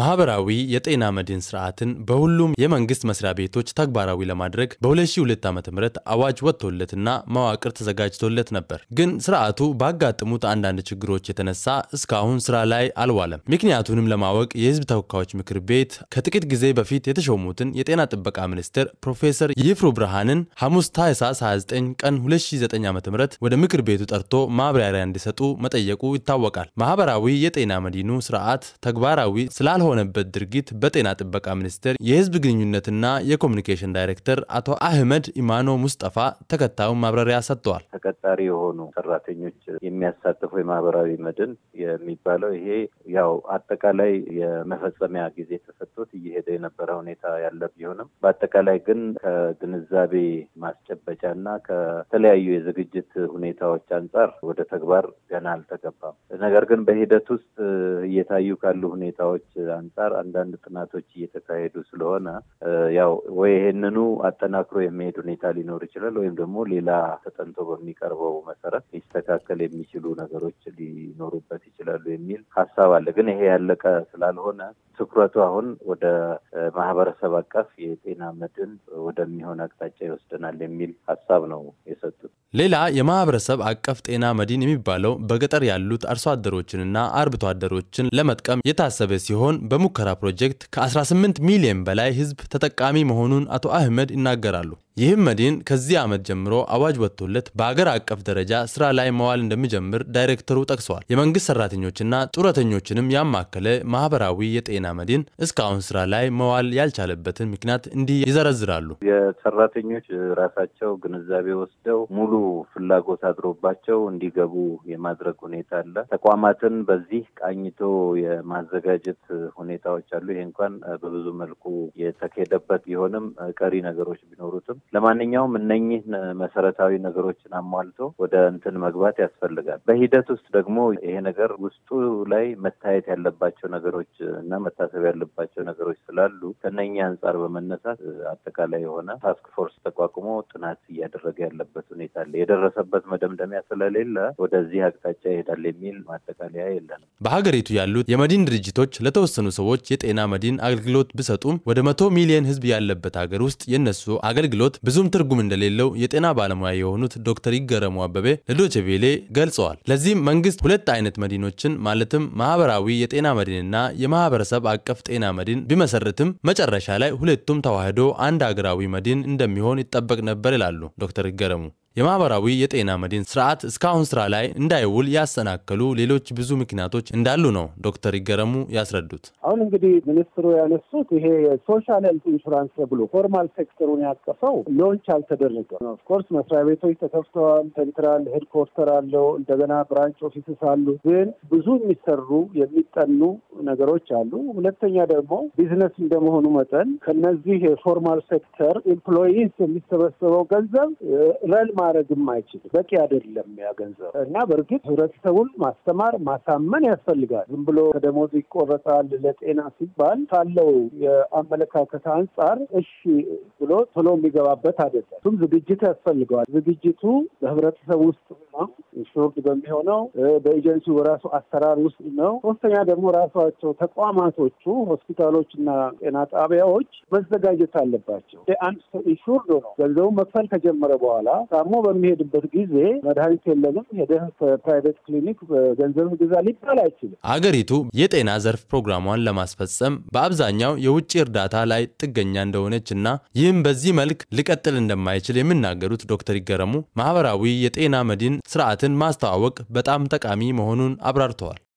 ማህበራዊ የጤና መድን ስርዓትን በሁሉም የመንግስት መስሪያ ቤቶች ተግባራዊ ለማድረግ በ2002 ዓ ም አዋጅ ወጥቶለትና መዋቅር ተዘጋጅቶለት ነበር። ግን ስርዓቱ ባጋጠሙት አንዳንድ ችግሮች የተነሳ እስካሁን ስራ ላይ አልዋለም። ምክንያቱንም ለማወቅ የህዝብ ተወካዮች ምክር ቤት ከጥቂት ጊዜ በፊት የተሾሙትን የጤና ጥበቃ ሚኒስትር ፕሮፌሰር ይፍሩ ብርሃንን ሐሙስ ታህሳስ 29 ቀን 2009 ዓ ም ወደ ምክር ቤቱ ጠርቶ ማብራሪያ እንዲሰጡ መጠየቁ ይታወቃል። ማህበራዊ የጤና መድኑ ስርዓት ተግባራዊ ስላልሆ የሆነበት ድርጊት በጤና ጥበቃ ሚኒስቴር የህዝብ ግንኙነትና የኮሚኒኬሽን ዳይሬክተር አቶ አህመድ ኢማኖ ሙስጠፋ ተከታዩን ማብራሪያ ሰጥተዋል። ተቀጣሪ የሆኑ ሰራተኞች የሚያሳትፈው የማህበራዊ መድን የሚባለው ይሄ ያው አጠቃላይ የመፈጸሚያ ጊዜ ተሰጥቶት እየሄደ የነበረ ሁኔታ ያለ ቢሆንም በአጠቃላይ ግን ከግንዛቤ ማስጨበጫ እና ከተለያዩ የዝግጅት ሁኔታዎች አንጻር ወደ ተግባር ገና አልተገባም። ነገር ግን በሂደት ውስጥ እየታዩ ካሉ ሁኔታዎች አንጻር አንዳንድ ጥናቶች እየተካሄዱ ስለሆነ ያው ወይ ይህንኑ አጠናክሮ የሚሄድ ሁኔታ ሊኖር ይችላል ወይም ደግሞ ሌላ ተጠንቶ በሚቀርበው መሰረት ሊስተካከል የሚችሉ ነገሮች ሊኖሩበት ይችላሉ የሚል ሀሳብ አለ። ግን ይሄ ያለቀ ስላልሆነ ትኩረቱ አሁን ወደ ማህበረሰብ አቀፍ የጤና መድን ወደሚሆን አቅጣጫ ይወስደናል የሚል ሀሳብ ነው የሰጡት። ሌላ የማህበረሰብ አቀፍ ጤና መድን የሚባለው በገጠር ያሉት አርሶ አደሮችንና አርብቶ አደሮችን ለመጥቀም የታሰበ ሲሆን ሲሆን በሙከራ ፕሮጀክት ከ18 ሚሊዮን በላይ ህዝብ ተጠቃሚ መሆኑን አቶ አህመድ ይናገራሉ። ይህም መዲን ከዚህ ዓመት ጀምሮ አዋጅ ወጥቶለት በአገር አቀፍ ደረጃ ስራ ላይ መዋል እንደሚጀምር ዳይሬክተሩ ጠቅሰዋል። የመንግስት ሰራተኞችና ጡረተኞችንም ያማከለ ማህበራዊ የጤና መዲን እስካሁን ስራ ላይ መዋል ያልቻለበትን ምክንያት እንዲህ ይዘረዝራሉ። የሰራተኞች ራሳቸው ግንዛቤ ወስደው ሙሉ ፍላጎት አድሮባቸው እንዲገቡ የማድረግ ሁኔታ አለ። ተቋማትን በዚህ ቃኝቶ የማዘጋጀት ሁኔታዎች አሉ። ይህ እንኳን በብዙ መልኩ የተካሄደበት ቢሆንም ቀሪ ነገሮች ቢኖሩትም ለማንኛውም እነኚህን መሰረታዊ ነገሮችን አሟልቶ ወደ እንትን መግባት ያስፈልጋል። በሂደት ውስጥ ደግሞ ይሄ ነገር ውስጡ ላይ መታየት ያለባቸው ነገሮች እና መታሰብ ያለባቸው ነገሮች ስላሉ ከእነኚህ አንጻር በመነሳት አጠቃላይ የሆነ ታስክ ፎርስ ተቋቁሞ ጥናት እያደረገ ያለበት ሁኔታ አለ። የደረሰበት መደምደሚያ ስለሌለ ወደዚህ አቅጣጫ ይሄዳል የሚል ማጠቃለያ የለንም። በሀገሪቱ ያሉት የመድን ድርጅቶች ለተወሰኑ ሰዎች የጤና መድን አገልግሎት ቢሰጡም ወደ መቶ ሚሊየን ህዝብ ያለበት ሀገር ውስጥ የነሱ አገልግሎት አገልግሎት ብዙም ትርጉም እንደሌለው የጤና ባለሙያ የሆኑት ዶክተር ይገረሙ አበቤ ለዶችቬሌ ገልጸዋል። ለዚህም መንግስት ሁለት አይነት መዲኖችን ማለትም ማህበራዊ የጤና መዲንና የማህበረሰብ አቀፍ ጤና መዲን ቢመሰርትም መጨረሻ ላይ ሁለቱም ተዋህዶ አንድ ሀገራዊ መዲን እንደሚሆን ይጠበቅ ነበር ይላሉ ዶክተር ይገረሙ። የማህበራዊ የጤና መድን ስርዓት እስካሁን ስራ ላይ እንዳይውል ያሰናከሉ ሌሎች ብዙ ምክንያቶች እንዳሉ ነው ዶክተር ይገረሙ ያስረዱት። አሁን እንግዲህ ሚኒስትሩ ያነሱት ይሄ የሶሻል ሄልት ኢንሹራንስ ተብሎ ፎርማል ሴክተሩን ያቀፈው ሎንች አልተደረገም። ኦፍኮርስ መስሪያ ቤቶች ተከፍተዋል። ሴንትራል ሄድኮርተር አለው። እንደገና ብራንች ኦፊስስ አሉ። ግን ብዙ የሚሰሩ የሚጠኑ ነገሮች አሉ። ሁለተኛ ደግሞ ቢዝነስ እንደመሆኑ መጠን ከነዚህ የፎርማል ሴክተር ኤምፕሎይስ የሚሰበሰበው ገንዘብ ረልማ ማድረግም አይችልም። በቂ አይደለም ያ ገንዘብ እና በእርግጥ ህብረተሰቡን ማስተማር ማሳመን ያስፈልጋል። ዝም ብሎ ከደሞዝ ይቆረጣል ለጤና ሲባል ካለው የአመለካከት አንጻር እሺ ብሎ ቶሎ የሚገባበት አይደለም። እሱም ዝግጅት ያስፈልገዋል። ዝግጅቱ በህብረተሰብ ውስጥ ነው፣ ኢንሹርድ በሚሆነው በኤጀንሲ በራሱ አሰራር ውስጥ ነው። ሶስተኛ ደግሞ ራሷቸው ተቋማቶቹ ሆስፒታሎችና ጤና ጣቢያዎች መዘጋጀት አለባቸው። አንድ ሰው ኢንሹርድ ነው ገንዘቡ መክፈል ከጀመረ በኋላ ታሞ ደግሞ በሚሄድበት ጊዜ መድኃኒት የለንም ሄደህ ፕራይቬት ክሊኒክ ገንዘብ ግዛ ሊባል አይችልም። አገሪቱ የጤና ዘርፍ ፕሮግራሟን ለማስፈጸም በአብዛኛው የውጭ እርዳታ ላይ ጥገኛ እንደሆነች እና ይህም በዚህ መልክ ሊቀጥል እንደማይችል የሚናገሩት ዶክተር ይገረሙ ማህበራዊ የጤና መድን ስርዓትን ማስተዋወቅ በጣም ጠቃሚ መሆኑን አብራርተዋል።